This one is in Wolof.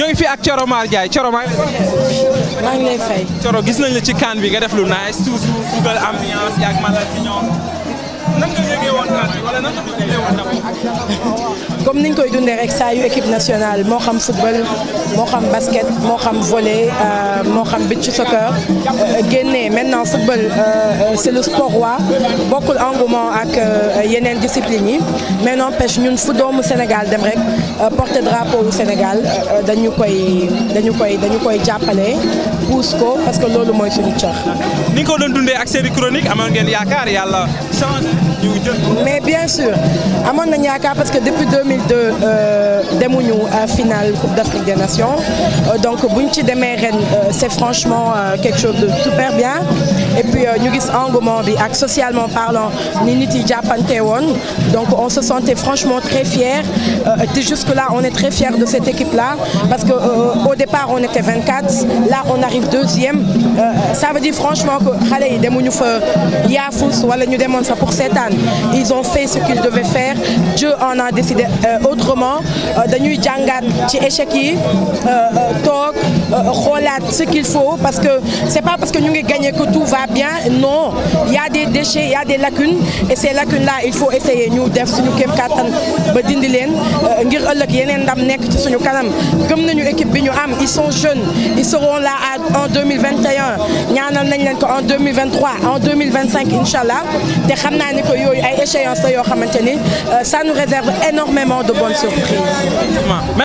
ñoo ngi fi ak Thioro Mar Ndiaye Thioro maa ngi lay fay. Thioro gis nañ la ci kaan bi nga def lu nice toujours dugal ambiance yaag Malathion ñoom nan nga niñ koy dundee rek saa yu équipe nationale moo xam football moo xam basket moo xam volley euh, moo xam beach soccer génn bi maintenant football euh, euh, c'est le sport roi bokkul engouement ak euh, yeneen discipline yi mais n'empêche ñun fu doomu Sénégal dem rek porte drapeau wu Sénégal dañu koy dañu koy dañu koy jàppale pousse ko parce que loolu mooy suñu cër. ni nga ko doon dundee ak série chronique amoon ngeen yaakaar yàlla sûr amoon nañ yaakaar parce que depuis 2002 euh, demuñu euh, finale Coupe d'Afrique des Nations euh, donc buñ ci demee ren c'est franchement quelque chose de ñu gis engouement bi ak socialement parlant ni nit yi jàppante woon donc on se sentait franchement très fiers te jusque là de cette équipe là que au départ on était 24 là on arrive deuxième ça veut dire franchement que xale yi demuñu fa ñu demoon qu'il devait faire Dieu en a décidé euh, autrement euh, dañuy jàngaat ci échec yi euh, toog xoolaat ce qu'il faut parce que c'est pas parce que ñu ngi gagné que tout va bien non il y a des déchets il y a des lacunes et ces lacunes là il faut essayer ñu def suñu kéem kattan ba dindi euh, ngir ëllëg yeneen ndam nekk ci suñu kanam gëm nañu équipe bi ñu am ils sont jeunes ils seront là en 2021 ñaanal nañ leen ko en 2023 en 2025 inchallah te xam naa ni ko yooyu ay échéances la yoo xamante ni euh, ça nous réserve énormément de bonnes surprises